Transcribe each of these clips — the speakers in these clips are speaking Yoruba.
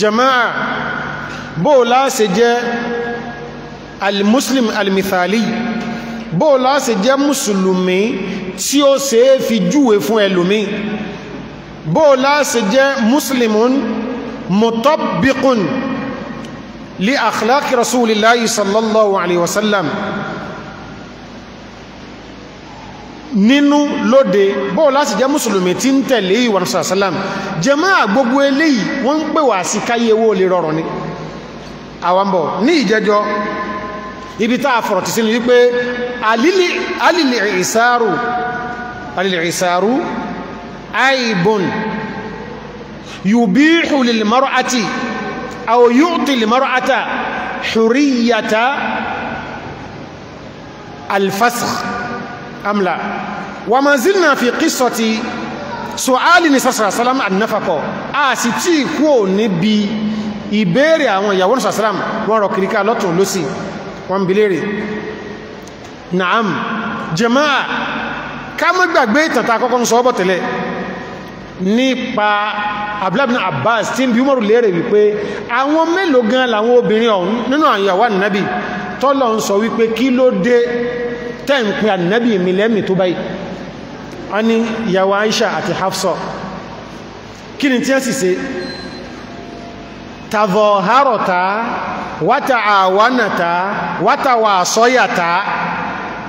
jama'a bó láṣe jẹ́ almuslim almithali bó láṣe jẹ́ mùsùlùmí tí ó ṣe é fi júwe fún ẹlòmí bó láṣe jẹ́ muslimun mutabbiqun li akhlaqi rasulillahi sallallahu alaihi wasallam nínú lóde bóò láti jẹ́ mùsùlùmí tí ń tẹ̀lé ìwà sàlám jàmáà gbogbo eléyìí wọ́n ń pè wá sí káyé owó lè rọrùn ni àwọ̀mbọ̀ ní ìjẹjọ́ ibi tá a fọ̀rọ̀ ti sínú wípé alìlì ìsáàrù alìlì ìsáàrù am la wa ma zilna fi qissati su'ali ni sasra salam annafaqo a sì tí kúò níbi ìbéèrè àwọn ìyàwó ní sàsàlám wọ́n rọ̀ kìríká lọ́tún lọ́sí wọ́n bilérè na'am jama'a ká mọ́ gbàgbé ìtàntà akọ́kọ́ ń sọ ọbọ̀ tẹ́lẹ̀ nípa abúlábìnà abbas tí ń bí umaru lérè wípé àwọn mélòó gan làwọn obìnrin ọ̀hún nínú àwọn ìyàwó ànàbì tọ́lọ̀ ń sọ wípé tẹ́ ń pín ànábì mi lẹ́mì tó báyìí a ní ìyàwó Aisha àti Hafsa kí ni tí ẹ́ sì ṣe tàvọ̀hárọ̀ta wátàáwánàta wátàwàsọ́yàta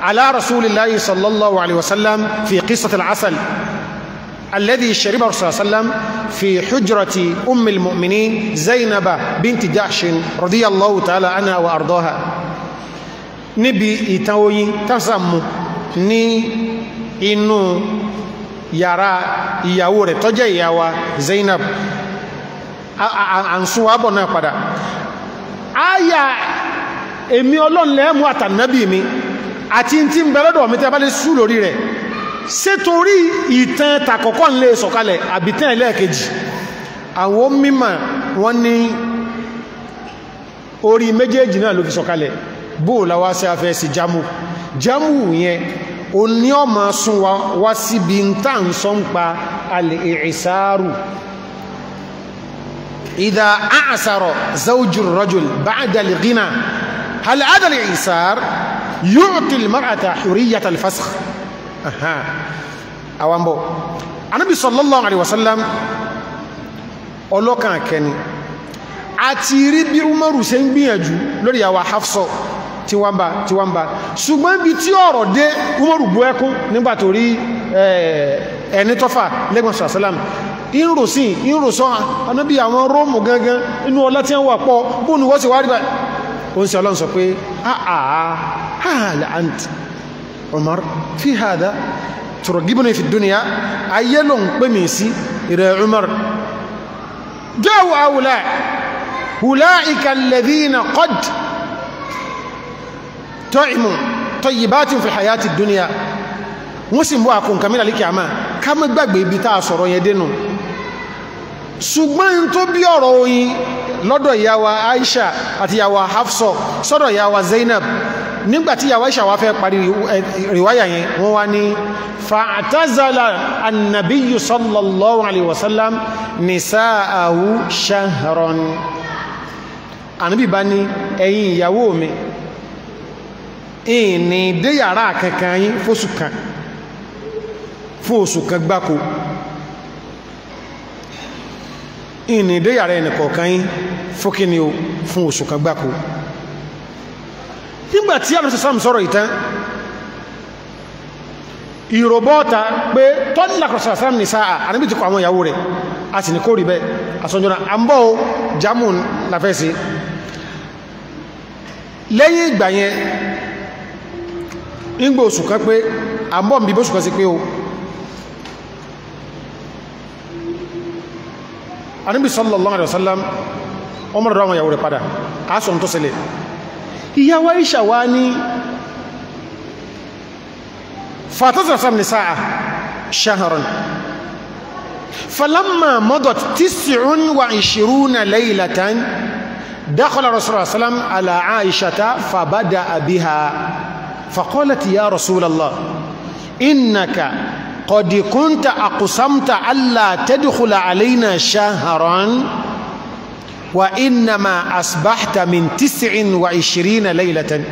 ala rasulillahi sallallahu alaihi wasallam fi qissatil asal الذي شربه صلى الله عليه وسلم في حجرة أم المؤمنين زينب بنت جحش رضي الله تعالى عنها وأرضاها níbi ìtàn oyin ní inú yàrá ìyàwó rẹ̀ tó ìyàwó Zainab àǹsùn àbọ̀ náà padà áyà èmi ọlọ́nlẹ̀ mú àtànábì mi àti tí ń bẹ̀rẹ̀dọ̀ mi tẹ́ bá lè sú lórí rẹ̀ ṣé torí ìtàn tàkọ́kọ́ ń sọ̀kalẹ̀ àbìtàn ẹlẹ́ẹ̀kejì àwọn mímọ̀ wọ́n ní orí méjèèjì náà ló fi sọ̀kalẹ̀ bó láwá sí afẹ́ sí jamu jamu yẹn o ní ọmọ sún wá síbi ń tà ń sọ ń pa al'i'isáàrù ìdá àṣàrọ̀ zaujur rajul ba'adal ghina al'adal isar yu'til mar'ata huriyat al-fasakh aha awambo anabi sallallahu alaihi wasallam ọlọ́kàn kẹni àti rí bí umaru ṣe ń gbìyànjú lórí àwà hafsọ́ tí wọ́n bá tí wọ́n bá ṣùgbọ́n ibi tí ọ̀rọ̀ dé umaru bú ẹkún nígbà tó rí ẹni tọ́fà lẹ́gbọ̀n sàṣálàm ìrùsí ìrùsọ́ anábí àwọn róòmù gangan inú ọlá tí wọ́n pọ̀ bóun wọ́n sì wá rí báyìí ó ń sọ ọlọ́run sọ pé àà Umar kọ́dì tọ́ìmù tọ́yìbátí fi hayati duniya wọ́n sì bọ́ àkùn kàmílà líkì àmà ká mọ́ gbàgbé ibi tá a sọ̀rọ̀ yẹn dénú ṣùgbọ́n tó bí ọ̀rọ̀ oyin lọ́dọ̀ ìyàwó Aisha àti ìyàwó Hafsa sọ́dọ̀ ìyàwó Zainab nígbàtí ìyàwó Aisha wá fẹ́ parí ìyàwó mi ìní dé yàrá kankan yín fóṣù kan fún oṣù kan gbáko ìní dé yàrá ẹnìkọ̀ọ̀kan yín fókíní o fún oṣù kan gbáko nígbàtí àmìsí sáàmù sọ́rọ̀ ìtàn ìrọ̀bọ́ta pé tọ́nìlàkọ̀ọ́sà sáàmù ní sáà àníbìtì kọ àwọn ìyàwó rẹ̀ a sì ní kó rí bẹ́ àsọ́njọ́nà àmbọ́ jamun lafẹ́sí lẹ́yìn ìgbà yẹn nígbà oṣù kan pé àbọ̀ mi bó ṣùkan sí pé o anábì sallallahu alaihi wasallam ọmọ rẹ̀ àwọn ìyàwó rẹ̀ padà aṣọ tó ṣẹlẹ̀ ìyàwó Aisha wá ní fàtọ́sọ̀sọ̀ ní sáà ṣaharan falamma mọ́dọ̀t tis'un wa ishiruna laylatan فقالت يا رسول الله إنك قد كنت أقسمت ألا تدخل علينا شهرا وإنما أصبحت من تسع وعشرين ليلة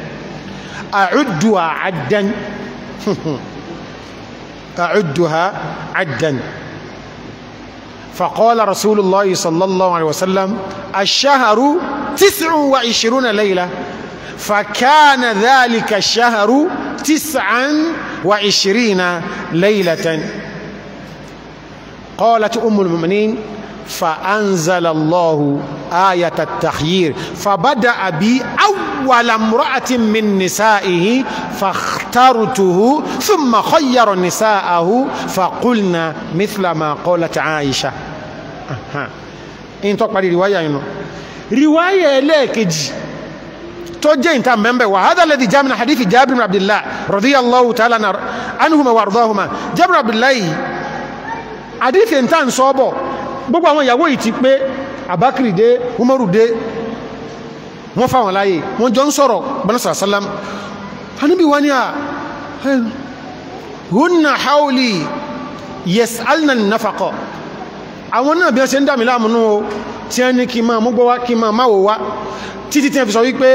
أعدها عدا أعدها عدا فقال رسول الله صلى الله عليه وسلم الشهر تسع وعشرون ليلة فكان ذلك الشهر تسعا وعشرين ليلة قالت أم المؤمنين فأنزل الله آية التخيير فبدأ بي أول امرأة من نسائه فاخترته ثم خير نساءه فقلنا مثل ما قالت عائشة أها إن تقبل رواية إنه يعني. رواية لكجي توجه انت ممبر وهذا الذي جاء من حديث جابر بن عبد الله رضي الله تعالى عنهما وارضاهما جابر بن عبد الله حديث انت انصابه gbogbo àwọn ìyàwó yìí ti pé abakiri dé umaru dé wọ́n fáwọn láyé wọ́n jọ ń sọ̀rọ̀ bánasà sálám hannubi wani a hunna hauli yes alnan nafakọ àwọn náà títí tí a fi sọ wípé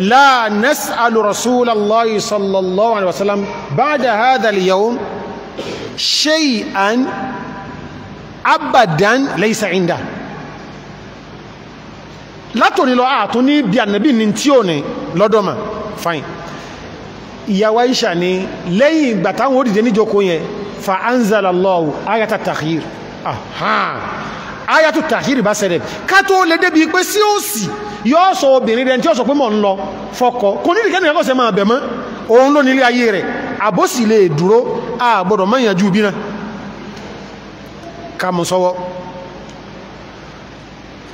la nas'alu rasulallahi sallallahu alaihi wasallam ba'da hadha al-yawm shay'an abadan laysa inda látòní lọ àtún ní bí ànàbí ní tí ò ní lọ́dọ́mà fine ìyàwó Aisha ni lẹ́yìn ìgbà táwọn òdìdẹ́ níjókòó yẹn fa anzalallahu ayata takhir ayatu tahiri bá ṣẹlẹ̀ ká tó lè débi pé sí òsì yóò sọ obìnrin rẹ̀ tí ó sọ pé mọ̀ ń lọ fọkọ kò ní ìkẹ́ni ẹ̀kọ́ sẹ máa bẹ̀ mọ́ òun ló nílé ayé rẹ̀ àbòsì lè dúró àgbọ̀dọ̀ mọ́yànjú bí náà ká mú sọ́wọ́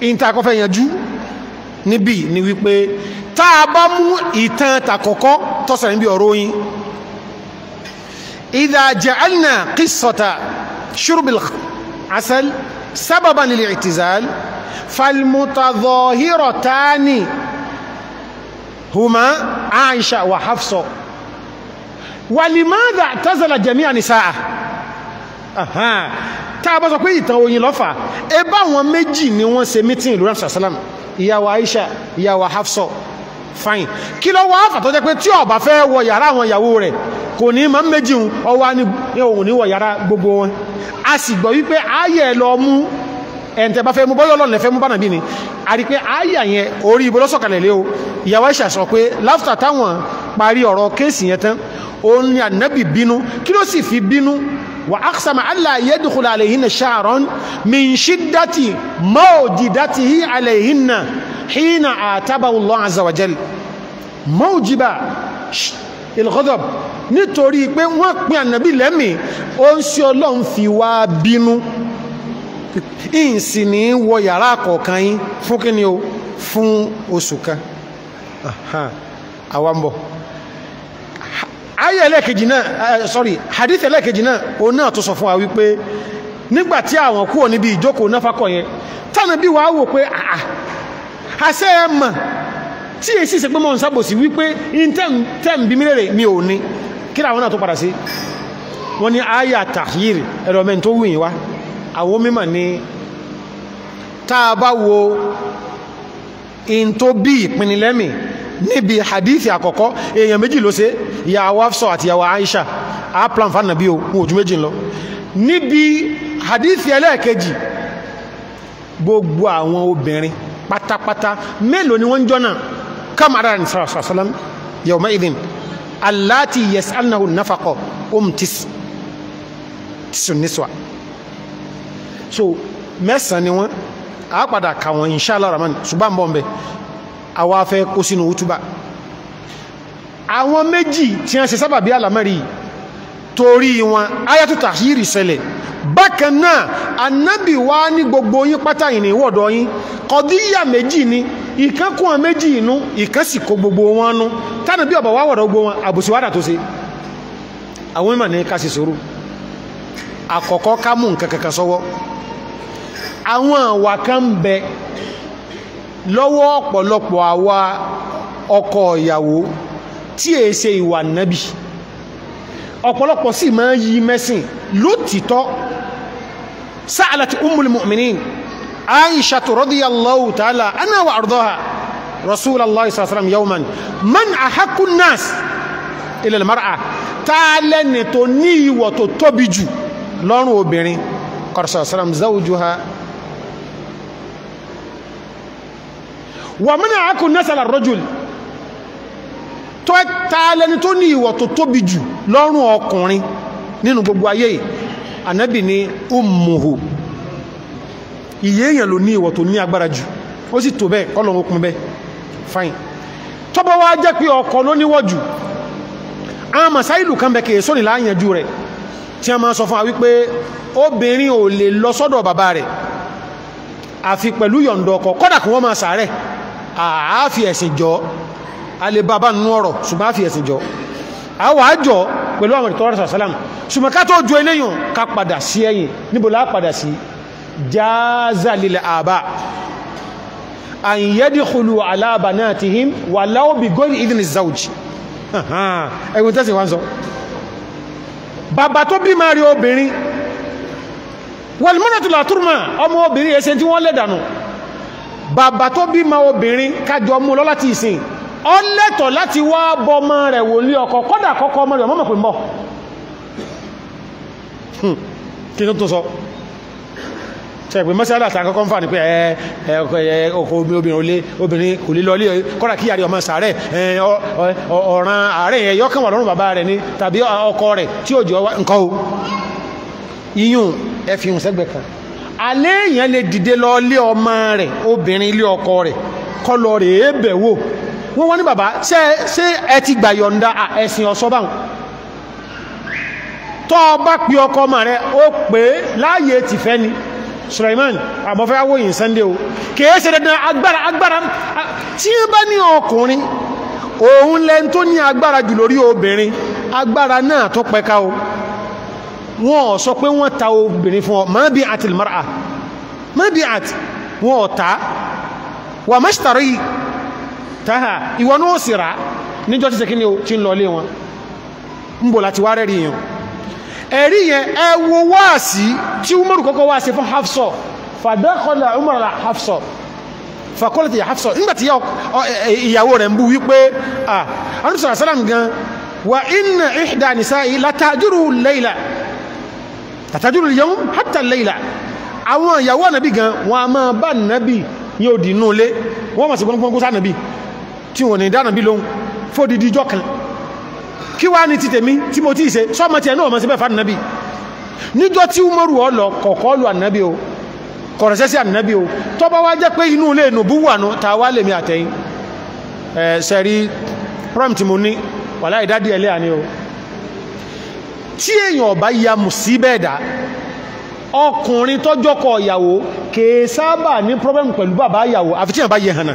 ìta àkọ́fẹ́ yanjú níbí ni wípé tá a bá mú ìtàn tàkọ́kọ́ tọ́sẹ̀ níbi ọ̀rọ̀ yín idha ja'alna qissata shurbil asal sábàbà nílẹ̀ ìtìzàl falmutadọ̀hírọ̀ tání huma aisha wa hafsọ wàlìmáàdà tazala jami'a nisaa tá a bá sọ pé ìtàn oyin lọ́fà ẹ bá wọn méjì ni wọ́n ṣe mítìn ìlú rẹ̀ ìyàwó aisha ìyàwó hafsọ fine kí ló wá fà tó jẹ́ pé tí ó bá fẹ́ wọ yàrá àwọn ìyàwó rẹ̀ kò ní máa ń méjì ọwá ní òun ní wọ yàrá gbogbo wọn a sì gbọ́ wípé ayé ẹ lọ mú ẹ̀ǹtẹ̀ bá fẹ́ mú bọ́yọ̀ lọ́nà fẹ́ mú bánà bí ni a rí pé ayé yẹn orí ibo lọ́sọ̀kalẹ̀ lé o ìyàwó Àìṣà sọ pé láfùtà táwọn parí ọ̀rọ̀ kéèsì yẹn tán òun ni ànábì bínú kí ló sì fi bínú wà áksàmà aláyédùkúlà àlèyìn náà ṣàrọ̀ min ṣídàtì mọ́òdìdàtì àlèyìn náà حين عاتبه الله عز وجل موجبا الغضب nítorí pé wọ́n pín ànàbí lẹ́mìí ó ń ṣe ọlọ́run fi wá bínú ìsìn ní wọ yàrá kọ̀ọ̀kan yín fún kí ni o fún oṣù kan àwa ń bọ̀ ayé ẹlẹ́ẹ̀kejì náà sorry hadith ẹlẹ́ẹ̀kejì náà òun náà tó sọ fún wa wípé nígbàtí àwọn kúrò níbi ìjókòó náfàkọ̀ yẹn tánàbí wàá wò pé àṣẹ ẹ mọ̀ tí èyí sì ṣe pé mọ̀ ń sábòsí wípé intẹ́m bí mílẹ̀ mi ò ní kí làwọn náà tó padà sí wọ́n ní àyà tàhír ẹ̀rọ mẹ́rin tó wùyìn wá àwọn mímọ̀ ni tá a bá wo in tó bí ìpinilẹ́mì níbi hadithi àkọ́kọ́ èèyàn méjì ló ṣe ìyàwó Hafsa àti ìyàwó Aisha a plan fánà bí o wọn ò ju méjì lọ níbi hadithi ẹlẹ́ẹ̀kejì gbogbo àwọn obìnrin pátápátá mélòó ni wọ́n ń jọ́nà kamara ní sàrásàlám yawma idin aláti yẹs anahu nafakọ omtis um sunniswa so mẹ́sàn-án ni wọ́n a padà kà wọ́n inṣàlá rahman ṣùgbọ́n bọ́n bẹ́ àwa fẹ́ kó sínú wútúbà àwọn méjì tí wọ́n ṣe sábàbí àlàmẹ́rì torí wọn ayatollah yìí rí ṣẹlẹ̀ bákan náà anábì wá ní gbogbo yín pátá yìí ní wọ̀dọ̀ yín kọ̀díyà méjì ni ìkan kún wọn méjì inú ìkan sì kó gbogbo wọn nú tánà bí ọ̀bọ̀ wá wọ̀dọ̀ gbogbo wọn àbùsùwádà tó ṣe àwọn mímọ̀ ní ká sì sòrò àkọ́kọ́ ká mú nǹkan kankan sọ́wọ́ àwọn àwà kan bẹ lọ́wọ́ ọ̀pọ̀lọpọ̀ àwa ọkọ ìyàwó tí è ṣe ìwà nábì ọ̀pọ̀lọpọ̀ sì máa ń yí mẹ́sìn lótìtọ́ سألت أم المؤمنين عائشة رضي الله تعالى أنا وأرضها رسول الله صلى الله عليه وسلم يوما من أحق الناس إلى المرأة تعالى نتوني وتطبج لون وبيني قال صلى الله عليه وسلم زوجها ومن أحق الناس على الرجل تعالى نتوني وتطبج لون وقوني nínú gbogbo ayé ànábì ní ummuhu ìyéèyàn ló ní ìwọ̀ tó ní agbára jù ó sì tó bẹ́ẹ̀ ọlọ́run okun bẹ́ẹ̀ fine tọ́bọ̀ wá jẹ́ pé ọkọ ló níwọ̀ jù àwọn masáìlù kan bẹ̀ kèé sóni láàyànjú rẹ̀ tí a máa sọ fún wa wípé obìnrin ò lè lọ sọ́dọ̀ bàbá rẹ̀ àfi pẹ̀lú yọ̀ǹdọ̀ ọkọ kọ́dà kí wọ́n máa sàárẹ̀ àáfi ẹ̀sìn jọ a lè bàbá nínú ọ̀rọ̀ ṣùgbọ́n àfi ẹ̀sìn jọ àwọn àjọ pẹ̀lú àwọn ìtọ́rọ̀ sàlám ṣùgbọ́n ká tó ju eléyìn ká padà sí ẹ̀yìn níbo láà padà sí jáàzà lílẹ̀ àbá àyẹ̀dì kùlù aláàbà náà ti him wà láòbí gómìn ìdìn ìzáòjì ẹgbùn tẹ́sì wá ń sọ bàbá tó bí máa rí obìnrin wọlmọ́nà tó látúrùmà ọmọ obìnrin ẹsẹ tí wọ́n lẹ́dànù bàbá tó bí máa obìnrin kájọ mú lọ láti ìsìn ọlẹ́tọ̀ láti wá bọ́ ọmọ rẹ̀ wòlé ọkọ kọ́dà kọ́kọ́ ọmọ ọmọ mọ̀ pé mọ́ Hmm. kí tó tó sọ ṣẹ̀pẹ̀ mọ́sálà tàà kọ́kọ́ ń fà ní pé ọkọ̀ obìnrin olé obìnrin kò lè lọlé kọ́ra kí àrí ọmọ sàárẹ̀ ọ̀ràn ààrẹ yẹn yọ́kàn wà lọ́rùn bàbá rẹ̀ ni tàbí ọkọ rẹ̀ tí ò jọ nǹkan o iyún ẹ fi hùn sẹ́gbẹ̀ kan alẹ́ èèyàn lè dìde lọlé ọmọ rẹ̀ obìnrin ilé ọkọ rẹ̀ kọ́ lọ rèé bẹ̀ wò wọ́n wọ́n ní bàbá ṣé ẹ ti gbà yọ̀ǹda ẹ̀sìn ọ̀sọ́ tọ́ bá pí ọkọ ọmọ rẹ̀ ó pé láàyè ti fẹ́ ni Suleiman àmọ́fẹ́ awóyìn Sunday o kìí ṣe dandan agbára agbára tí ó bá ní ọkùnrin òun lẹ́n tó ní agbára jù lórí obìnrin agbára náà tó pẹ́ka o wọ́n sọ pé wọ́n ta obìnrin fún ọ ma bí àti mara ma bí àti wọ́n ta wà mẹ́ṣítàrí táhà ìwọ̀n ó sì rà níjọ́ ti ṣe ni o ti ń lọ lé wọn ń bò láti wá rẹ́rìí yẹn ẹ̀rí yẹn ẹ wo wáàsí tí umaru kọ́kọ́ wáàsí fún hafsọ fàdákọ́lá umaru la hafsọ fàkọ́lá ti yà hafsọ nígbàtí ìyàwó rẹ̀ ń bú wípé à anúṣà sálàm gan wa inna ihda nisa'i latajuru layla latajuru yawm hatta layla àwọn ìyàwó ànàbí gan wọn a máa bá nàbí yóò dì nú ilé wọ́n mọ̀ sí gbọ́ngbọ́n gúsà tí wọ́n ní dá lóhun fódìdí ìjọ kan kí wá ní ti tèmi tí mo tí ì ṣe sọ́mọ tí ẹ̀ náà mọ́ sí bẹ́ẹ̀ fánàbí níjọ́ tí Umaru ọlọ kọ̀kọ́ lu ànábí o kọ̀rọ̀sẹ́ sí ànábí o tó bá wá jẹ́ pé inú ilé ìnù bú wànú ta wá lèmi àtẹ̀yìn ẹ̀ sẹ́rí prompt mo ní wàlá ìdádì ẹ̀lẹ́ àní o tí èèyàn ọba ya mùsí bẹ́ẹ̀ dá ọkùnrin tọ́jọ́kọ̀ ìyàwó kèé sábà ní problem pẹ̀lú bàbá ìyàwó àfi tí èèyàn bá yẹ hànà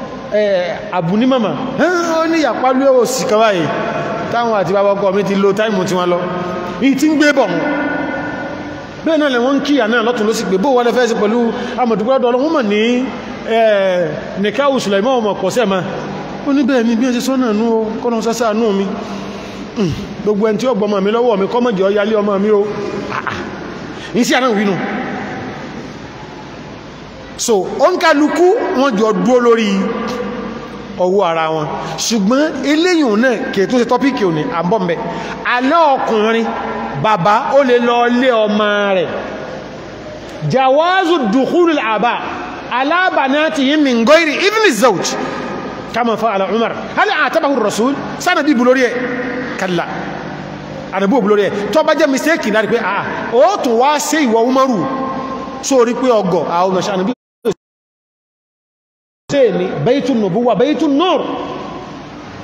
àbúnímọ̀mọ̀ ó ní ìyàpálú ẹwọ̀ sí kan báyìí táwọn àti bàbá ọkọ mi ti lo táìmù tí wọ́n lọ yìí tí ń gbé bọ̀ wọn bẹ́ẹ̀ náà lẹ́wọ́n kí àná lọ́tún ló sì gbé bó wọ́n lẹ́fẹ́ sí pẹ̀lú amọ̀dúgbọ́dọ̀ ọlọ́wọ́n mọ̀ ní nìkáwù sùlẹ̀mọ́ ọmọ pọ̀sẹ̀ ma ó ní bẹ́ẹ̀ mi bí ẹ o kọ́nà sásà nú mi hmm, gbogbo ẹni tí o ah, ah. ìsí so onkaluku wọ́n jọ dúró lórí ọwọ́ ara wọn ṣùgbọ́n eléyìn náà kìí tún ṣe tọ́píkì òní àbọ̀m̀bẹ̀ alẹ́ ọkùnrin bàbá ó lè lọ lé ọmọ rẹ̀ jawazu dukhulul àbá alábànáti yìí min goyri ibn zawj kama fa ala umar hali àtàbàhù rasul sana bí bulórí ẹ kalla àdàbò bulórí ẹ tó bá mistake na rí pé àà ó tún wá sí ìwọ umaru sórí pé ọgọ̀ àwọn ọmọ tèmi baitul nubuwa baitul nur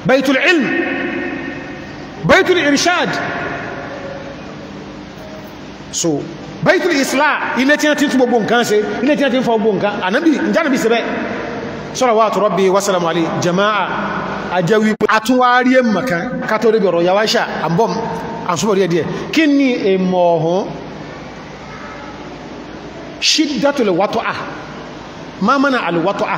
baitul ilm baitul irshad so baitul isla ilé tí a ti ń tún gbogbo nǹkan ṣe ilé tí a ti ń fa gbogbo nǹkan ànábì ìjánabi sí bẹ́ salawatu rabbi wa salamu alayhi jama'a àjẹwí àtúnwárí ẹ̀mọ̀kan kátólébì ọ̀rọ̀ yàwáṣà àbọ̀m àṣùbọ̀rí ẹ̀díẹ̀ kí ni èmọ̀ ọ̀hún ṣídàtòlè wátọ́ à máa mọ́nà àlè wátọ́ à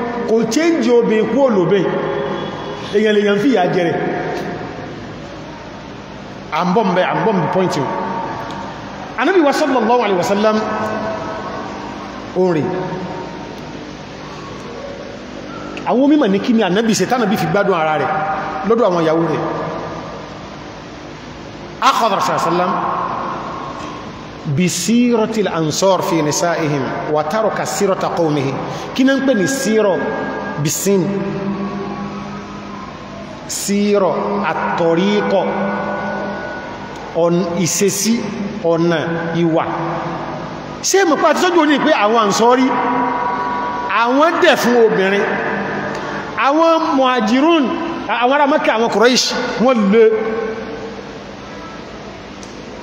kò change obìnrin kú olóbin èyàn lèyàn fi ìyà jẹrẹ àmbọ̀mbẹ̀ àmbọ̀mbẹ̀ point you anábi wa sallallahu alaihi wasallam orin àwọn mímọ̀ ní kí ni ànábì ṣe tánàbí fi gbádùn ara rẹ̀ lọ́dọ̀ àwọn ìyàwó rẹ̀ akọ̀dọ̀ sallallahu bisirati al-ansar fi nisaihim wa taraka sirata qawmihi kina npe ni siro bisin siro atoriqo on ìṣesí ọ̀nà ìwà ṣé mo pa ti sojo ni pé àwọn ansori àwọn dẹ̀ fún obìnrin àwọn muhajirun àwọn ará Mẹ́kà àwọn Quraish wọ́n lè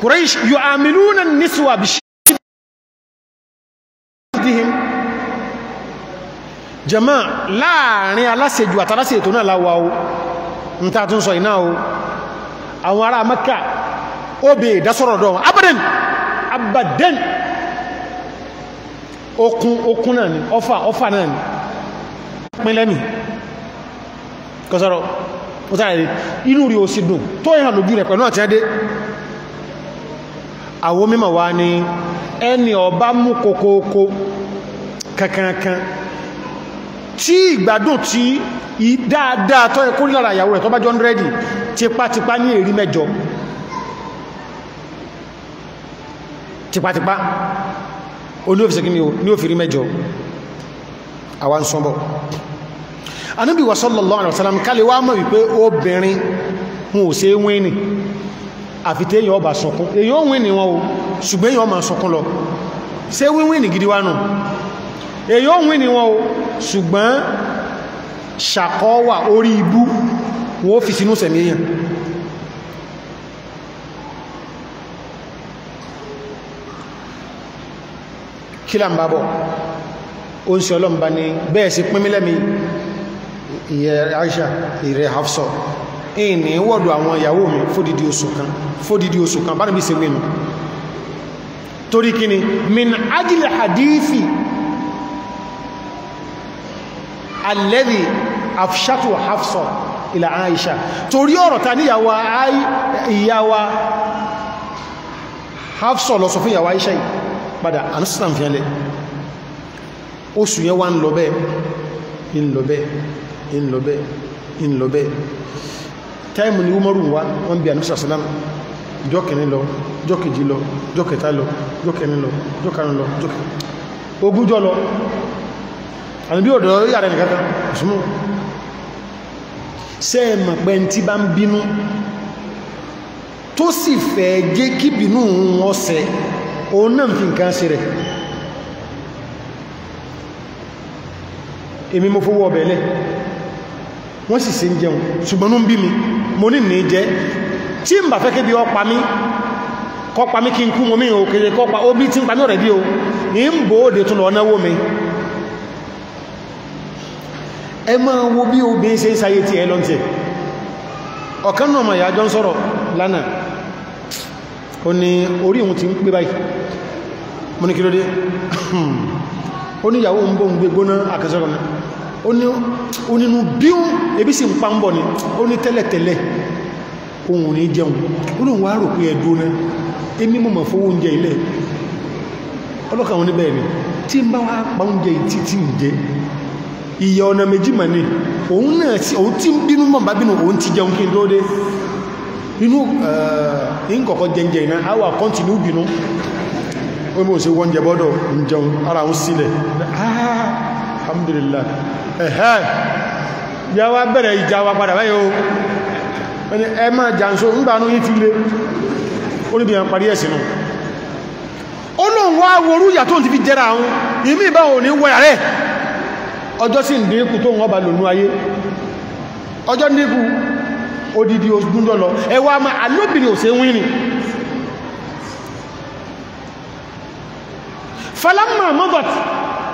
قريش يعاملون النسوة بشدهم جماعة láàrin aláṣejù àtàláṣe ètò náà láwá o ń ta tún sọ iná o àwọn ará Mẹ́kà ó bè ìdásọ́rọ̀ dọ̀ wọn abadan abadan okun okun náà ni ọfà ọfà náà ni pínlẹ́mì kọsọ́rọ̀ ó sára rí inú rí ó sì dùn tó ìhàn lójú rẹ̀ pẹ̀lú àti ẹdẹ́ àwọn mímọ̀ wá ní ẹni ọba mú kokoko kankankan tí ìgbádùn tí dáadáa tọ́ ẹkú lára ìyàwó rẹ̀ tó bá jọ ń rẹ́dì tipatipa ní èrí mẹ́jọ tipatipa o ní òfìsẹ́kí ní òfìrí mẹ́jọ àwọn sọ́bọ̀ anúbíwọ̀ sallallahu alaihi wasallam kálẹ̀ wá mọ̀ wípé obìnrin mú ò àfi tí èyàn ọba sọkún èyàn ò wìn ní wọn o ṣùgbọ́n èyàn ọmọ sọkún lọ ṣe wíwìn ní gidi wá nù èyàn ò wìn ní wọn o ṣùgbọ́n ṣàkọ́wà orí ibú wọ́n fi sínú sẹ̀mí èyàn kí ń bá ó ń ṣe ọlọ́mbà ni bẹ́ẹ̀ sí pínmílẹ́mi ìyẹ̀ Aisha ìrẹ̀ Hafsa ìní wọ́dọ̀ àwọn ìyàwó mi fódìdí oṣù kan fódìdí oṣù kan bára bí se wínú torí kíni min ajil hadithi alladhi afshatu hafsa ila aisha torí ọ̀rọ̀ ta ní ìyàwó hafsa lọ sọ fún ìyàwó aisha yìí padà anúsùsàn fi ẹlẹ́ oṣù yẹn wá ń lọ bẹ́ẹ̀ ń lọ bẹ́ẹ̀ ń lọ bẹ́ẹ̀ ń lọ bẹ́ẹ̀ táìmù ni umaru wa wọ́n bí àníṣà sọ́lám jọ́kìní lọ jọ́kìjì lọ jọ́kẹta lọ jọ́kìní lọ jọ́kàrin lọ ogúnjọ́ lọ àníbí ọ̀dọ̀ yàrá nìkan kan ṣùgbọ́n sẹ́ẹ̀mọ̀ pẹ́ tí bá ń bínú tó sì fẹ́ jẹ́ kí bínú wọn sẹ òun náà fi nǹkan ṣe èmi mo fowó ọbẹ̀ lẹ́ wọ́n sì se ń jẹun ṣùgbọ́n ń bí mi mo ní ní jẹ́ tí n bà fẹ́ kébí ọpa mi kọpa mi kí n kú mo mìíràn òkèrè kọpa ó bí tí n pa ní ọ̀rẹ́ bí o ní ń bò ó dé tún lọ náwó mi ẹ máa wo bí obìnrin ṣe ń sáyé tí ẹ lọ tí ọ̀kan náà màá yàjọ ń sọ̀rọ̀ lánàá ó ní orí òun ti ń pé báyìí mo ní kí ló ó ní ìyàwó ń bó ń gbé gbóná àkẹsọ́rọ̀ náà onínú bíún ebi si ń pa bọ̀ ni ó ní tẹ́lẹ̀tẹ́lẹ̀ ohun ní jẹun olóhun wá rò pé ẹ̀dùn náà èmi mọ̀mọ̀ fún oúnjẹ ilẹ̀ ọlọ́kà níbẹ̀ ni tí ń bá wá pa oúnjẹ ìtí tí ń jẹ ìyẹ ti jẹun kí n tó inú ìkọ̀kọ́ eh, jẹunjẹ iná a wà kọ́ntínú bínú ó mọ̀ sí wọ́n jẹ bọ́dọ̀ ń jẹun ara ya wa ìjà wa padà báyìí ẹni ẹ máa jàǹso ń bánú yí ti lé oníbìyàn parí ẹ̀sìn nù ó lóun wá worú ìyà tó ti fi jẹ́ra àwọn ìmí ìbáwọn ò ní wọ́yà rẹ̀ ọjọ́ sí ìdínkù tó wọ́n bá ayé ọjọ́ odidi ogúnjọ́ ẹwà ma alóbìnrin òsè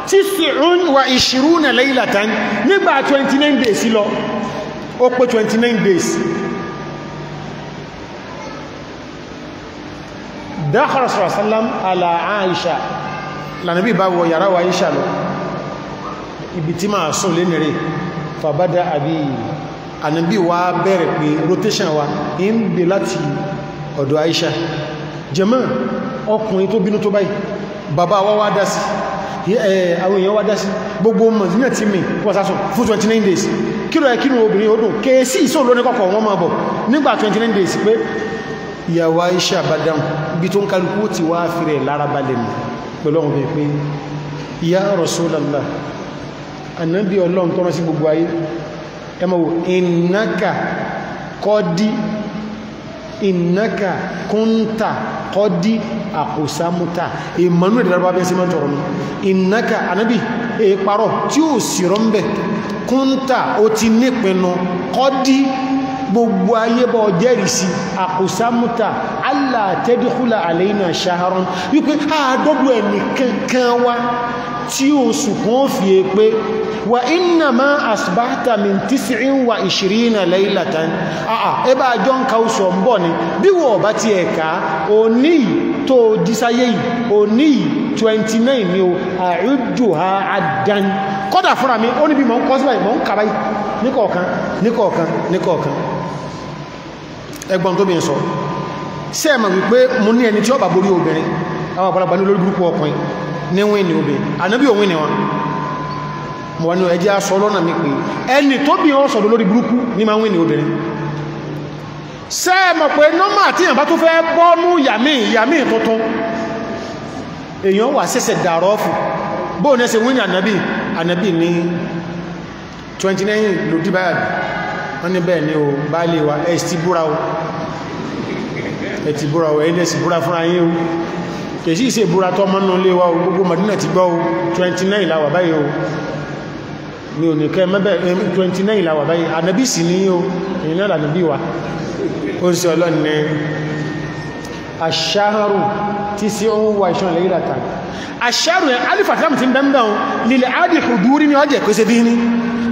tis'un wa ishiruna laylatan nígbà 29 days lọ ó pé 29 days dákọ̀rọ̀ sọ̀rọ̀sálám ala Aisha lànàbí bá wọ yàrá wa Aisha lọ ibi tí máa sùn lé nìrí fàbádá àbí ànàbí wa bẹ̀rẹ̀ pé rotation wa in gbé láti ọ̀dọ̀ Aisha jẹ́mọ́ ọkùnrin tó bínú tó báyìí bàbá wa dá sí àwọn èèyàn wá dá sí gbogbo mọ̀sílẹ̀ tí mi wọ́sásùn fún 29 days kíro ẹ kírò obìnrin ó dùn kéèsí ìṣòro ní kọ́kọ́ wọn máa bọ̀ nígbà 29 days pé ìyàwó Aisha badam ibi tó ń kálukú ti wá fìrẹ̀ lára balẹ̀ mi pẹ̀lú ọmọ pé ya Rasulallah anábí ọlọ́run tọ́rọ sí gbogbo ayé ẹmọ ìnáka kúnta kọ́dí àkùsámúta ìmọ̀nú ìdàrà bẹ́ sí mẹ́tọ̀rọ̀ mú ìnáka anábì èèparọ̀ tí ó sì rọ́ ń bẹ̀ kúnta ó ti nípinnu kọ́dí gbogbo ayé bọ́ jẹ́rìsí àkùsámúta aláàtẹ́dìkúlà àlẹ́yìnà ṣaharon wípé àádọ́gbò ẹni kankan wá tí ó sùkún fi è pé wà iná ma asbáta min tísìrín wa ìṣìrínà lẹ́ìlàtàn àà ẹbá àjọ ń ka oṣù ọ̀bọ̀ ni bí wọ́n bá ti ẹ̀ka òní tó dísáyé yìí òní 29 ni o àrújù ha àdán kọ́dà fúnra mi ó níbi mọ́ ń kọ́ síbà ìmọ̀ ń kàbáyì níkọ̀ọ̀kan níkọ̀ọ̀kan níkọ̀ọ̀kan ẹgbọ́n tó bí n sọ sí ẹ̀mà wípé mo ní ẹni tí ó bà borí obìnrin àwọn àpàlàpà ní olórí ọkùnrin ní ní obìnrin ànábí òun ni wọn mo wà ní ẹjẹ́ aṣọ lọ́nà mi pé ẹni tó bí wọ́n sọ̀dọ̀ lórí burúkú ní máa ń ní obìnrin sẹ́ẹ̀mọ̀ pé nọ́mà tí ìyàn bá tó fẹ́ bọ́nú yàmí yàmí tuntun èèyàn wà sẹ́sẹ̀ dàrọ́ fún 29 wọ́n ní bẹ́ẹ̀ ni o bá lè wà ẹ̀ ti búra o ẹ̀ ti búra o ẹ̀yìn ẹ̀sì búra fúnra yín o kèsí ìṣe búra tọ́ mọ́nú lé wa o gbogbo Madina ti gbọ́ o 29 láwà báyìí o mi ò ní kẹ́ mẹ́bẹ̀ 29 láwà báyìí ànábì sì ní o èyí náà lànàbí wa ó sì ọlọ́ni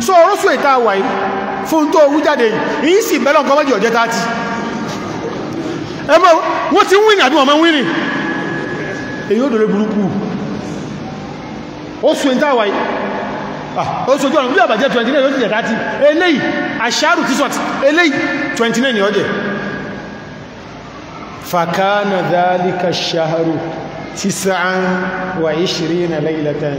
so orósù ètà wà yìí fún tó owú jáde yìí sì bẹ́lọ̀ nǹkan mọ́jì ọ̀jẹ́ tààtì ẹgbẹ́ wọ́n ti wíìnì àbí wọ́n mọ́ wíìnì èyí ó dòrò burúkú oṣù ètà wà yìí oṣù ah, ojú ọ̀rùn bí àbàjẹ́ 29 yóò ti jẹ́ tààtì eléyìí àṣàrù tí 29 ọjẹ́ fàkánà dhalika ash-shahru wa 20 laylatan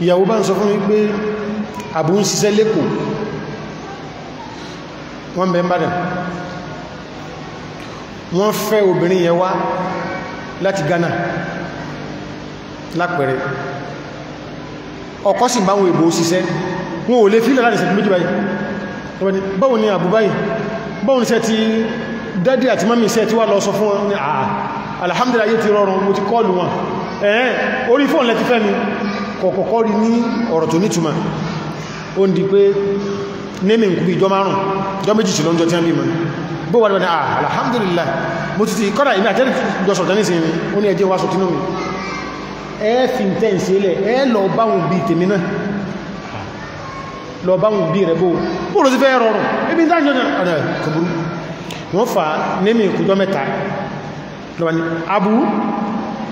ìyàwó bá ń sọ fún mi pé àbú ń ṣiṣẹ́ lẹ́kọ̀ọ́ wọ́n bẹ̀ ń bàdàn wọ́n fẹ́ obìnrin yẹn wá láti Ghana lápẹẹrẹ ọkọ sì bá wọn ìbò ṣiṣẹ́ wọn ò lè fílẹ̀ láti ṣẹ̀tì méjì báyìí báwo ni àbú báyìí báwo ni ṣe ti dádì alhamdulillah yé ti rọrùn mo ti kọlù wọn ẹ̀ẹ́ orí fóònù lẹ ti kọ̀kọ̀kọ́ rí ní ọ̀rọ̀ tó nítumọ̀ ó ń di pé nẹ́mì ń kú bí ìjọ márùn ìjọ méjì sí lọ́njọ́ tí wọ́n bí mọ́ bó wà ní ah, alhamdulillah mo ti ti kọ́dà ìgbà tẹ́lẹ̀ jọsọ̀ tẹ́lẹ̀ sí ó ní ẹjẹ́ wáṣọ tínú mi ẹ fi ń tẹ́ǹsì ilẹ̀ ẹ lọ báwọn fa nẹ́mì ìkújọ́ mẹ́ta lọ́wọ́ ni aburú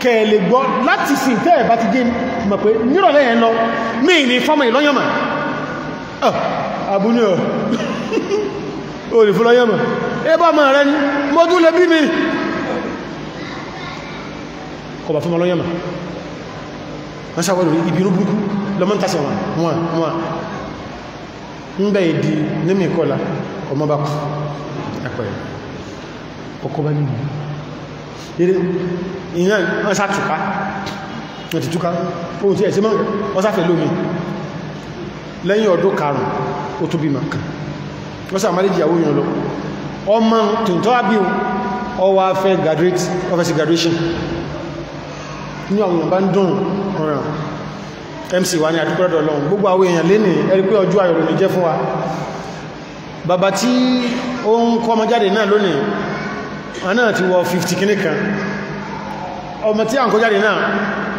kẹ́ẹ̀lẹ̀ gbọ́ láti sìn tẹ́ẹ̀ bá ti gé mọ̀ pé nírọ̀lẹ́ ẹ̀ lọ mí ní fọ́mọ̀ ìlọ́yọ̀mà àbúní ọ̀ olùfúnlọ́yọ̀mà ẹbá ma rẹ ni mo tún lè bí mi kọba fún ọlọ́yọ̀mà wọ́n sáwọ́lù ìbínú burúkú lọmọ tàṣà wọn wọn ń bẹ̀ ìdí nímì kọlá ọmọ bá kú ẹ̀kọ̀ẹ̀ ọkọ̀ bá nínú ìrìn tó ti túká ohun tí ẹ̀sí mọ́ wọ́n sáfẹ́ lómi lẹ́yìn ọdún karùn ó tó bí ma kàn wọ́n sáà márìjì ìyàwó yàn lọ ọmọ tòntọ́ àbíhùn ọwà fẹ́ graduate office graduation ní àwọn ìyàmbá ń dùn ọ̀ràn mc wa ní àdúgbọ́dọ̀ lọ́wọ́n gbogbo àwọn èèyàn lénìí ẹ̀rí pé ọjọ́ ayọ̀rọ̀ ní jẹ́ fún wa bàbá tí ó ń kọ́ ọmọ jáde náà lónìí a náà ti wọ 50 kìnnìkan ọmọ tí a ń kọ́ jáde náà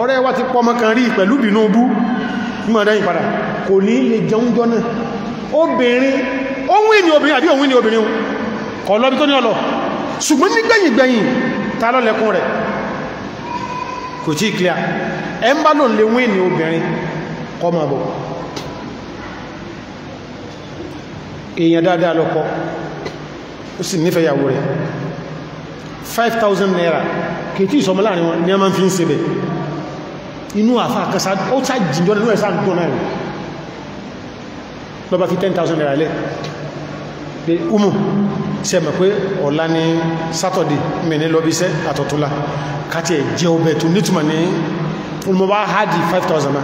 ọ̀rẹ́ wa ti pọ́ mọ́kan rí pẹ̀lú bínú bú mọ́dẹ́yìn padà kò ní lè jẹun jọ náà obìnrin ohun ìní obìnrin àbí ohun ìní obìnrin kọ̀ lọ́bí tó ní ọlọ ṣùgbọ́n ní gbẹ̀yìn gbẹ̀yìn ta lọ́lẹ̀kún rẹ̀ kò tí clear ẹ ń bá lò lè wọ́n ìní obìnrin kọ ma bọ̀ èèyàn dáadáa lọ́kọ ó sì nífẹ̀ẹ́ yàwó rẹ̀ 5,000 naira kìtí ìsọmọ láàrin wọn ni a máa fi ń sebẹ̀ inú àfá àkásá ó tá jìnjọ́ nínú ẹ̀sá ń gbọ́nà rẹ̀ lọ́bá fi 10,000 naira lẹ́ pé umu ṣe mọ̀ pé ọ̀la ní sátọ̀dì mẹ́ni lọ bíṣẹ́ àtọ̀tọ́lá káti ẹ̀ jẹ́ ọbẹ̀ tó nítumọ̀ ní olùmọ̀bá hádì 5,000 ma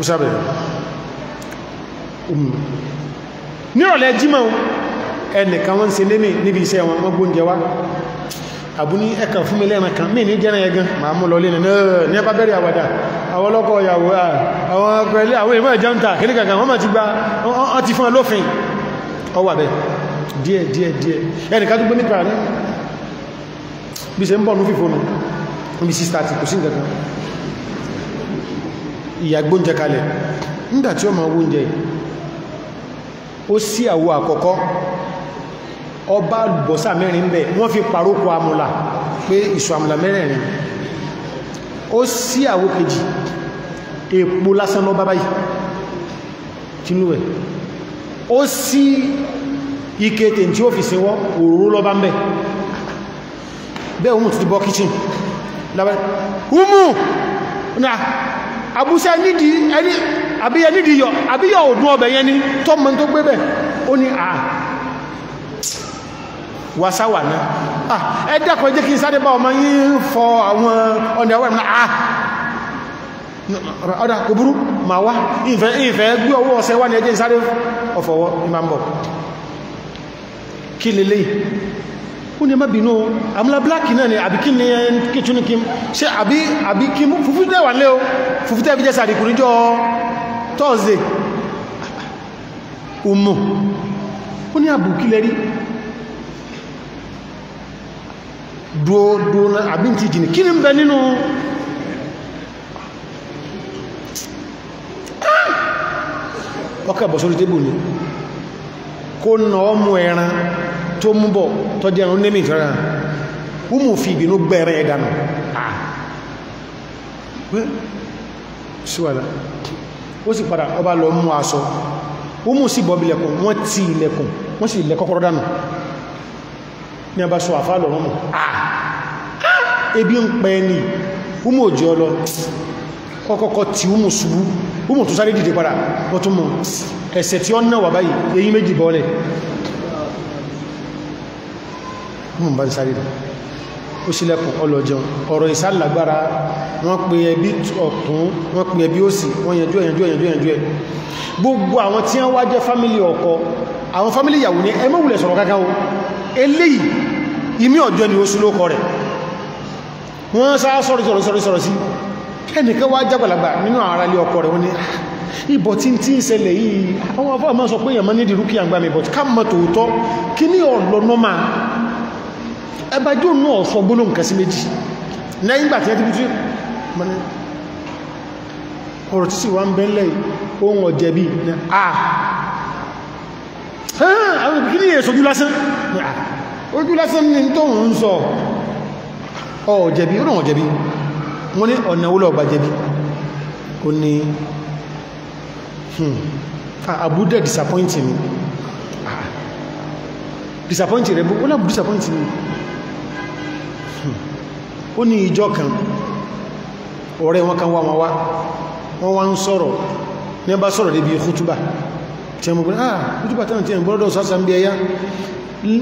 ó sábẹ̀ nírọ̀lẹ́ jímọ̀ ẹnìkan wọ́n ń ṣe lémi àbúní ẹ̀kàn fún mi lẹ́ran kan mìí ní jẹ́rìn ẹgan ma mú lọ lẹ́nà náà ní ẹbá bẹ̀rẹ̀ àwàdà àwọn ọlọ́kọ̀ ìyàwó àwọn pẹ̀lẹ́ àwọn ìmọ̀ ìjọmta kìlìkàkà wọ́n ma ti gba ọ́n ti fún ọwà bẹ̀ díẹ̀ díẹ̀ díẹ̀ ọba bọ̀sà mẹ́rin bẹ̀ wọ́n fi parókò amúlà pé ìṣù àmúlà mẹ́rẹ̀rin ó sí àwọ́ kejì èpo lásán lọ bábá yìí tínú ẹ̀ ó sí ike tè tí ó fi sinwọ́ òróró lọ bá ń bẹ̀ bẹ́ẹ̀ ohun ti bọ́ kitchen lábẹ́ na abúṣẹ́ nídìí ẹni àbíyẹ nídìí yọ àbíyọ òdún ọbẹ̀ yẹn ni tọ́mọ tó gbé bẹ̀ ó ní àà wàsáwà náà ah, ẹ dákọ̀ jẹ́ kí n sáré bá ọmọ yín fọ àwọn ọ̀nà ọwọ́ ìmúná ah, àá ọ̀dá kò burú ma wá ìfẹ́ ìfẹ́ gbí ọwọ́ ọ̀sẹ̀ wá ní ẹjẹ́ ìsáré ọ̀fọ̀wọ́ ìmàmbọ̀ kí lè lè ó ní ẹmọ́ bínú àmúlá bláàkì náà ni àbí ní kíchún kí ṣe àbí mú fúfú tẹ́wà lé o fúfú tẹ́ fi jẹ́ sàríkù níjọ́ Thursday umu ó ní àbùkí lẹ́rí dúódúóná àbí ti jìnì kí ní bẹ nínú ah! ọkà bọ̀sọ́rí tébù ní kó nà ọ mú ẹran tó mú bọ̀ tó jẹ́ ẹran némì ìfẹ́ra ó mú fi ìbínú gbẹ̀rẹ̀ ẹ̀dànà ah! síwàlá ó sì padà ọba lọ mú aṣọ ó mú sí bọ̀bí lẹ́kùn wọ́n ti ilẹ̀kùn wọ́n sì ilẹ̀kọ́kọ́rọ́ dànù ní a bá ṣọ àfá lọ rọmù ebi ń pẹ ní umu òjò ọlọ kọ́kọ́kọ́ tí umu ṣubú umu tó sáré dìde padà ọtún mọ̀ ẹsẹ̀ tí ó ń náwà báyìí eyín méjì bọ́ọ̀lẹ̀ umu bá ń sáré lọ ó sílẹ̀kùn ọlọ́jẹun ọ̀rọ̀ ìsálàgbára wọ́n pe ẹbí ọ̀tún wọ́n pe ẹbí òsì wọ́n yanjú ẹ̀yanjú ẹ̀yanjú ẹ̀yanjú ẹ̀ gbogbo àwọn tí wọ́n wá jẹ́ fámílì ọkọ àwọn fámílì ìyàwó ní ẹmọ́wùlẹ̀ sọ̀rọ̀ kankan eléyìí ìmí ọjọ́ ni ó sú lókọ rẹ̀ wọ́n sáá sọ́rọ̀ sọ́rọ̀ sọ́rọ̀ sọ́rọ̀ sí ẹnìkan wá jágbàlagbà nínú ara lé ọkọ rẹ̀ wọ́n ni ibọ̀ ah, tí tí ń ṣẹlẹ̀ yìí àwọn afọ́ àmọ́ sọ pé èèyàn máa nídìí rúkìá gbàmì bọ̀ ká mọ́ tòótọ́ kí ní ọ̀lọ́ nọ́mà ẹbájú náà sọ gbólóhùn kan sí méjì ojú lásán ní tó ń sọ ọ jẹ̀bi ó náà jẹ̀bi wọ́n ní ọ̀nà wúlọ̀ ọgbà jẹ̀bi ó ní àbúdẹ̀ hmm, disappoint mi ah, disappoint rẹ̀ bó lábù disappoint mi hmm, ó ní ìjọ kan ọ̀rẹ́ wọn kan wá wọn wá wọ́n wá ń sọ̀rọ̀ ní bá sọ̀rọ̀ débi kútúbà tí a mọ̀ ah kútúbà tánà tí a ń gbọ́dọ̀ sásà ń bí ẹyá Hmm?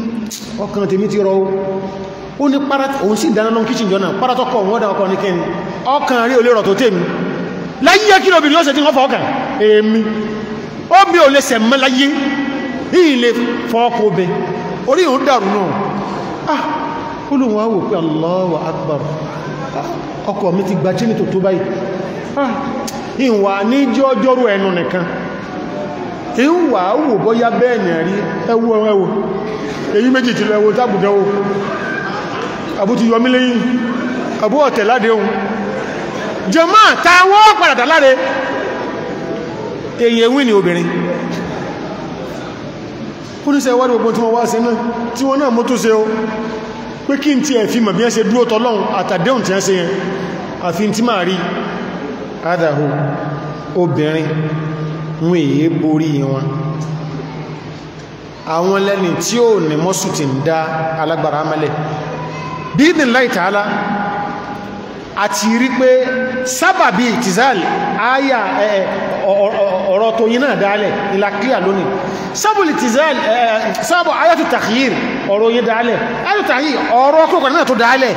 ọkàn tèmi ti rọ ó ní párátì òun sì dáná lọ́n kíṣìn jọna párátọ́kọ̀ wọ́n dá ọkọ̀ ní kẹni ọkàn rí olè rọ̀ tó tèmi láyé kí lóbi yóò ṣe tí wọ́n fọ́ ọkàn èmi ó mi ò lè sẹ̀mọ́ láyé yìí lè fọ́ọ̀kọ́ bẹ orí ìhùn dàrú náà ah olùwọ́n wò pé Allahu Akbar ah! ọkọ̀ mi ti gba chíní tó tó báyìí ah ìwà ní jọjọ́rú ẹnu nìkan ìwà wò bọ́yá bẹ́ẹ̀ nìrí ẹwọ́ ẹwọ́ èyí méjì ti lẹ́wọ́ tábùdánwò àbú ti yọmí lẹ́yìn àbú ọ̀tẹ̀ láde ohun jẹmọ́ tàwọ́ padàdà láre èyí ewì ni obìnrin ó ní sẹ́wọ́ ní gbogbo tí wọ́n wá sí náà tí wọ́n náà mọ́ tó ṣe o pé kí n ti ẹ̀ fi mọ̀ bí ẹ́ ṣe dúró tọ́lọ́run àtàdéhùn tí ẹ́ ṣe yẹn àfi tí máa rí adáhù obìnrin wọ́n èé borí wọn àwọn lẹ́ni tí ó ní mọ́sù ti ń dá alágbára amálẹ̀ bí ní láìtàálá àti rí pé sábàbí ìtìzáàlì ayà ọ̀rọ̀ tó yí náà dálẹ̀ ìlà kíà lónìí sábàbí ìtìzáàlì sábà ayàtù tàkìyìr ọ̀rọ̀ yí dálẹ̀ ayàtù tàkìyìr ọ̀rọ̀ kòkòrò náà tó dálẹ̀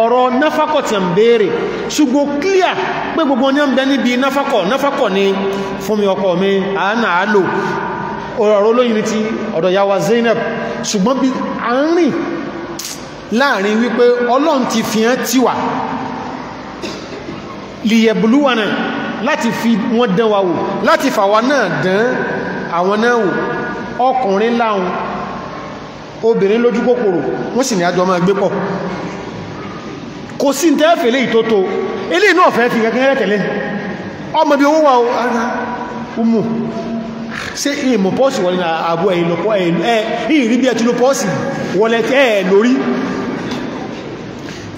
ọ̀rọ̀ náfàkọ̀ ti ń béèrè ṣùgbọ́n kíà pé gbogbo ní ọmọdé níbi náfàkọ̀ náfàkọ̀ ni fún mi ọkọ̀ mi àánà àálò ọ̀rọ̀ olóyìn ti ọ̀dọ̀ yawa Zainab ṣùgbọ́n bí a ń rìn láàrin wípé Ọlọ́run ti fi hàn tí wà lìyẹ̀bùlúwà náà láti fi wọ́n dán wa wò láti fàwa náà dán àwọn náà wò ọkùnrin láhun obìnrin lójú kòkòrò wọ́n sì ní àjọ máa gbé pọ̀ kò sí tẹ́ẹ̀fẹ̀lẹ́ ìtótó ilé náà fẹ́ fi gẹ́gẹ́ rẹ̀ tẹ̀lé ọmọ bí owó wà ó ara umu ṣe ìmọ̀ pọ́ọ̀sì wọlé ní àbú ẹ̀yìn lọ́pọ̀ ẹ̀yìn rí bí ẹ̀tún pọ́ọ̀sì wọlé ẹ̀ lórí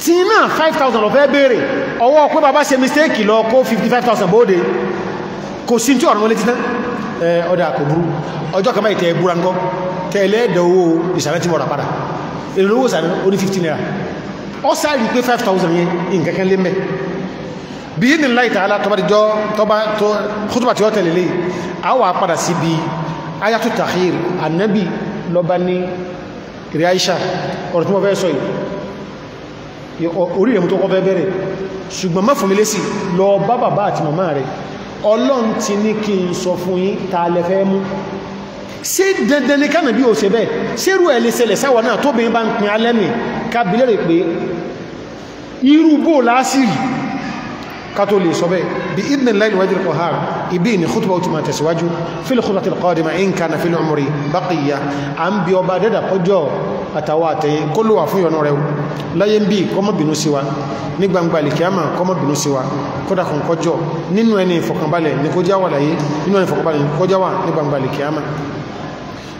tí náà 5,000 lọ fẹ́ bèèrè ọwọ́ pé bàbá ṣe mistake lọ kó 55,000 bóde kò sí tí ọ̀rọ̀ létí tán ọdá kò burú ọjọ́ kan báyìí tẹ búra ńkọ́ tẹ̀lé ẹ̀dọ̀ owó ìsàmẹ́ tí mo rà padà èrò owó ìsàmẹ́ ó ní 15 naira ọ sáà rí pé 5,000 yẹn nǹkan kan lé mẹ́ bí ní láì tààlá tọ́bàdìjọ́ tọ́bà tó kútùbà tí ó tẹ̀lé lè a wà padà sí bí ayatò tahir annabi lọba ní ìrẹ́ aisha ọ̀rọ̀ tí wọ́n fẹ́ sọ yìí orí rẹ̀ mú tó kọ́ fẹ́ bẹ̀rẹ̀ ṣùgbọ́n má fún mi lésì lọ bá bàbá àti màmá rẹ̀ ọlọ́n ti ní kí n sọ fún yín ta lẹ fẹ́ mú ṣé dandan ní kánà bí ó ṣe ẹ̀ lè ṣẹlẹ̀ sáwọn náà tóbi bá ń pin alẹ́ mi kábílẹ̀ rẹ̀ pé irú lásìrì kátó lè sọ bẹ́ bí idhni Allahi al-wahid al-qahhar ibi ni khutba ó ti máa tẹ̀síwájú fil khutbati al-qadima in kana fil umri baqiya a ń bí ọba dẹ́dà kọjọ́ àtàwà àtẹ̀yìn kó ló wà fún ìyọnú rẹ̀ láyé ń bí kọ́mọ́ bínú sí wa ní gbangba al-kiyama kọ́mọ́ bínú sí wa kódà kan kọjọ́ nínú ẹni ìfọ̀kànbalẹ̀ ní kó jáwà láyé nínú ẹni ìfọ̀kànbalẹ̀ ní kó jáwà ní gbangba al-kiyama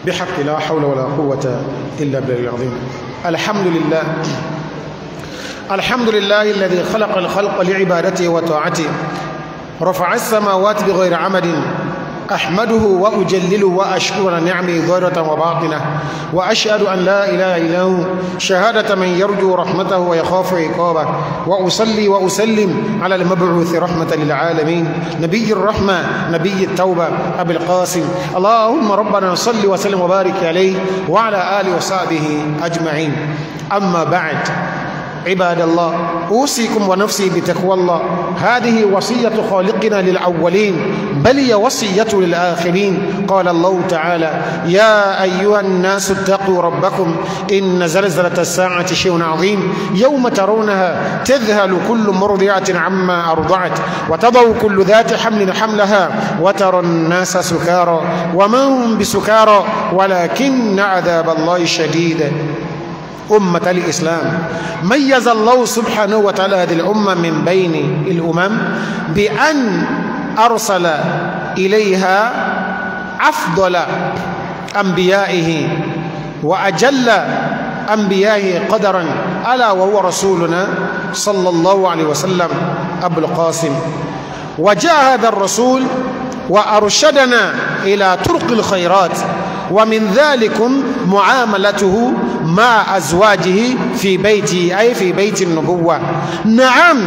bihaqqi la hawla wala quwwata illa billahi alhamdulillah الحمد لله الذي خلق الخلق لعبادته وطاعته رفع السماوات بغير عمد أحمده وأجلله وأشكر نعمه ظاهرة وباطنة وأشهد أن لا إله إلا هو شهادة من يرجو رحمته ويخاف عقابه وأصلي وأسلم على المبعوث رحمة للعالمين نبي الرحمة نبي التوبة أبي القاسم اللهم ربنا صل وسلم وبارك عليه وعلى آله وصحبه أجمعين أما بعد عباد الله أوصيكم ونفسي بتقوى الله هذه وصية خالقنا للأولين بل هي وصية للآخرين قال الله تعالى يا أيها الناس اتقوا ربكم إن زلزلة الساعة شيء عظيم يوم ترونها تذهل كل مرضعة عما أرضعت وتضع كل ذات حمل حملها وترى الناس سكارى وما هم بسكارى ولكن عذاب الله شديد أمة الإسلام ميز الله سبحانه وتعالى هذه الأمة من بين الأمم بأن أرسل إليها أفضل أنبيائه وأجل أنبيائه قدرا ألا وهو رسولنا صلى الله عليه وسلم أبو القاسم وجاء هذا الرسول وأرشدنا إلى طرق الخيرات ومن ذلكم معاملته مع أزواجه في بيته أي في بيت النبوة نعم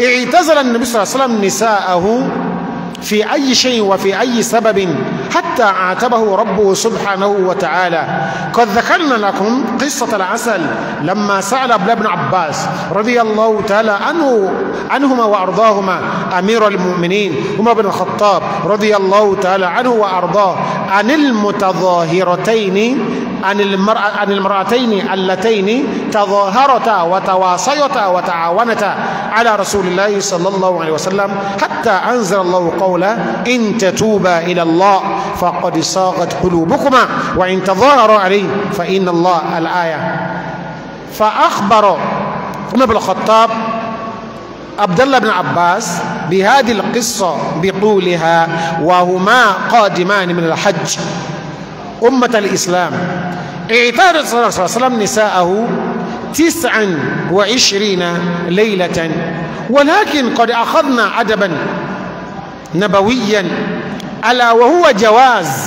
اعتزل النبي صلى الله عليه وسلم نساءه في أي شيء وفي أي سبب حتى عاتبه ربه سبحانه وتعالى قد ذكرنا لكم قصة العسل لما سأل ابن بن عباس رضي الله تعالى عنه عنهما وأرضاهما أمير المؤمنين عمر بن الخطاب رضي الله تعالى عنه وأرضاه عن المتظاهرتين عن المرأة عن المرأتين اللتين تظاهرتا وتواصيتا وتعاونتا على رسول الله صلى الله عليه وسلم حتى أنزل الله قولا إن تتوبا إلى الله فقد صاغت قلوبكما وإن تظاهروا عليه فإن الله الآية فأخبر عمر بن الخطاب عبد الله بن عباس بهذه القصة بطولها وهما قادمان من الحج أمة الإسلام اعتاد صلى الله عليه وسلم نساءه تسعا وعشرين ليلة ولكن قد أخذنا أدبا نبويا ألا وهو جواز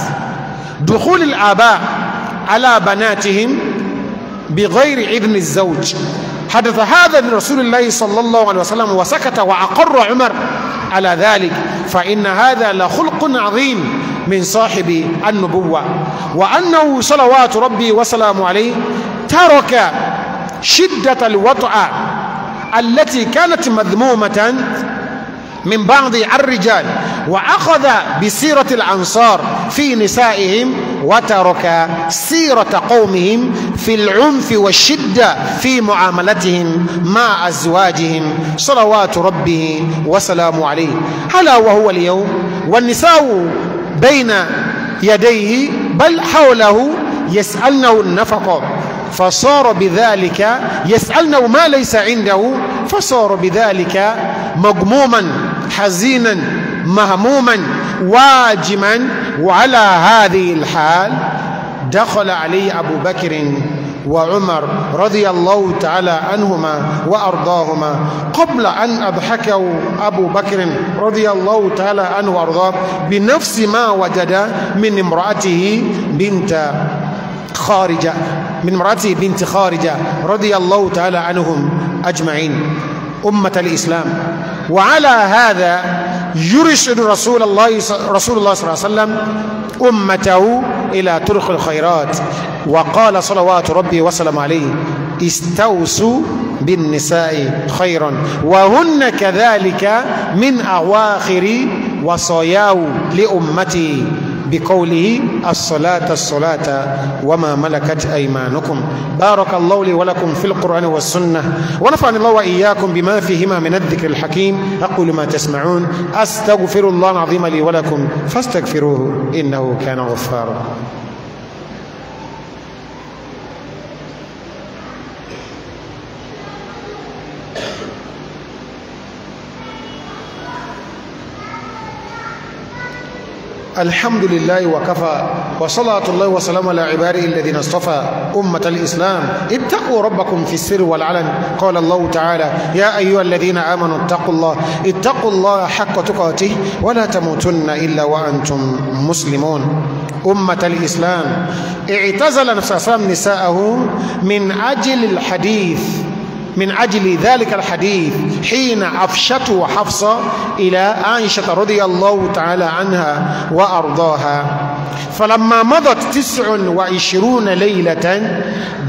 دخول الآباء على بناتهم بغير إذن الزوج حدث هذا من رسول الله صلى الله عليه وسلم وسكت وأقر عمر على ذلك فإن هذا لخلق عظيم من صاحب النبوة وأنه صلوات ربي وسلام عليه ترك شدة الوطأ التي كانت مذمومة من بعض الرجال وأخذ بسيرة الأنصار في نسائهم وترك سيرة قومهم في العنف والشدة في معاملتهم مع أزواجهم صلوات ربه وسلام عليه هلا وهو اليوم والنساء بين يديه بل حوله يسألنه النفقة فصار بذلك يسألنه ما ليس عنده فصار بذلك مغموما حزينا مهموما واجما وعلى هذه الحال دخل علي أبو بكر وعمر رضي الله تعالى عنهما وأرضاهما قبل أن أضحكوا أبو بكر رضي الله تعالى عنه وأرضاه بنفس ما وجد من امرأته بنت خارجة من امرأته بنت خارجة رضي الله تعالى عنهم أجمعين أمة الإسلام وعلى هذا يرشد رسول الله رسول الله صلى الله عليه وسلم أمته إلى طرق الخيرات وقال صلوات ربي وسلم عليه استوسوا بالنساء خيرا وهن كذلك من أواخر وصاياه لأمتي بقوله الصلاة الصلاة وما ملكت أيمانكم بارك الله لي ولكم في القرآن والسنة ونفعني الله وإياكم بما فيهما من الذكر الحكيم أقول ما تسمعون أستغفر الله العظيم لي ولكم فاستغفروه إنه كان غفارا الحمد لله وكفى وصلاة الله وسلام على عباده الذين اصطفى أمة الإسلام اتقوا ربكم في السر والعلن قال الله تعالى يا أيها الذين آمنوا اتقوا الله اتقوا الله حق تقاته ولا تموتن إلا وأنتم مسلمون أمة الإسلام اعتزل نفسه نساءه من أجل الحديث من أجل ذلك الحديث حين أفشته حفصة إلى عائشة رضي الله تعالى عنها وأرضاها فلما مضت تسع وعشرون ليلة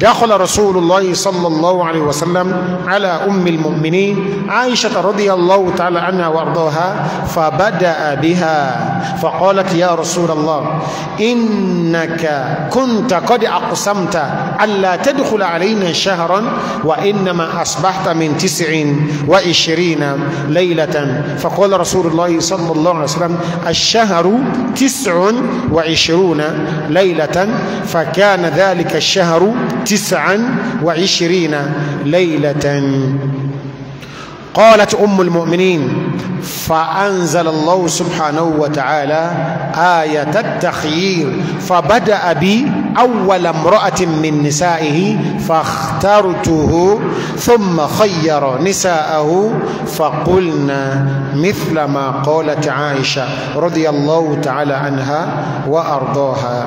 دخل رسول الله صلى الله عليه وسلم على أم المؤمنين عائشة رضي الله تعالى عنها وأرضاها فبدأ بها فقالت يا رسول الله إنك كنت قد أقسمت ألا تدخل علينا شهرا وإنما أصبحت من تسع وعشرين ليلة فقال رسول الله صلى الله عليه وسلم الشهر تسع وعشرون ليلة فكان ذلك الشهر تسع وعشرين ليلة قالت أم المؤمنين فأنزل الله سبحانه وتعالى آية التخيير فبدأ بي أول امرأة من نسائه فاخترته ثم خير نساءه فقلنا مثل ما قالت عائشة رضي الله تعالى عنها وأرضاها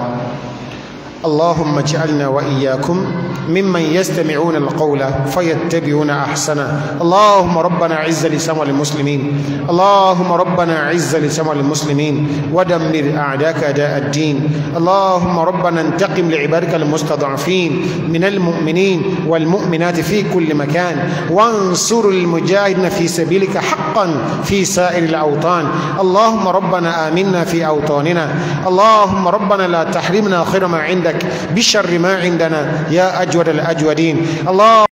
اللهم اجعلنا وإياكم ممن يستمعون القول فيتبعون أحسنه اللهم ربنا عز لسمع المسلمين اللهم ربنا عز لسمع المسلمين ودمر أعداك أداء الدين اللهم ربنا انتقم لعبادك المستضعفين من المؤمنين والمؤمنات في كل مكان وانصر المجاهدين في سبيلك حقا في سائر الأوطان اللهم ربنا آمنا في أوطاننا اللهم ربنا لا تحرمنا خير ما عندك عندك بشر ما عندنا يا أجود الأجودين الله